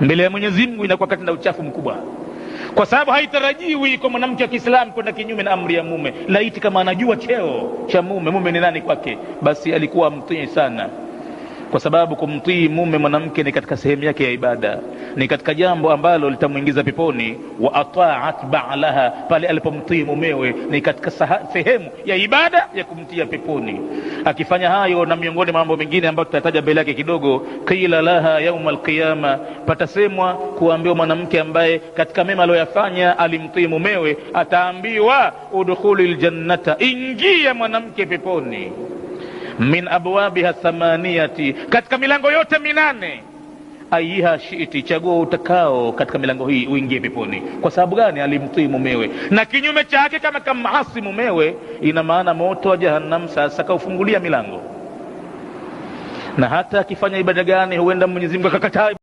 mbele ya Mwenyezi Mungu inakuwa kati na uchafu mkubwa, kwa sababu haitarajiwi kwa mwanamke wa Kiislamu kwenda kinyume na amri ya mume. Laiti kama anajua cheo cha mume, mume ni nani kwake, basi alikuwa mtii sana kwa sababu kumtii mume mwanamke ni katika sehemu yake ya ibada, ni katika jambo ambalo litamwingiza peponi. Wa ataat baalaha, pale alipomtii mumewe ni katika sehemu ya ibada ya kumtia peponi. Akifanya hayo na miongoni mwa mambo mengine ambayo tutataja mbele yake kidogo, qila laha yauma alqiyama, patasemwa kuambiwa mwanamke ambaye katika mema aliyoyafanya alimtii mumewe, ataambiwa udkhulil jannata, ingia mwanamke peponi min abwabiha thamaniyati, katika milango yote minane ayiha shiti, chagua utakao katika milango hii uingie peponi. Kwa sababu gani? Alimtii mumewe, na kinyume chake kama kamasi mumewe, ina maana moto wa Jahannam sasa kaufungulia milango, na hata akifanya ibada gani, huenda Mwenyezi Mungu akakataa.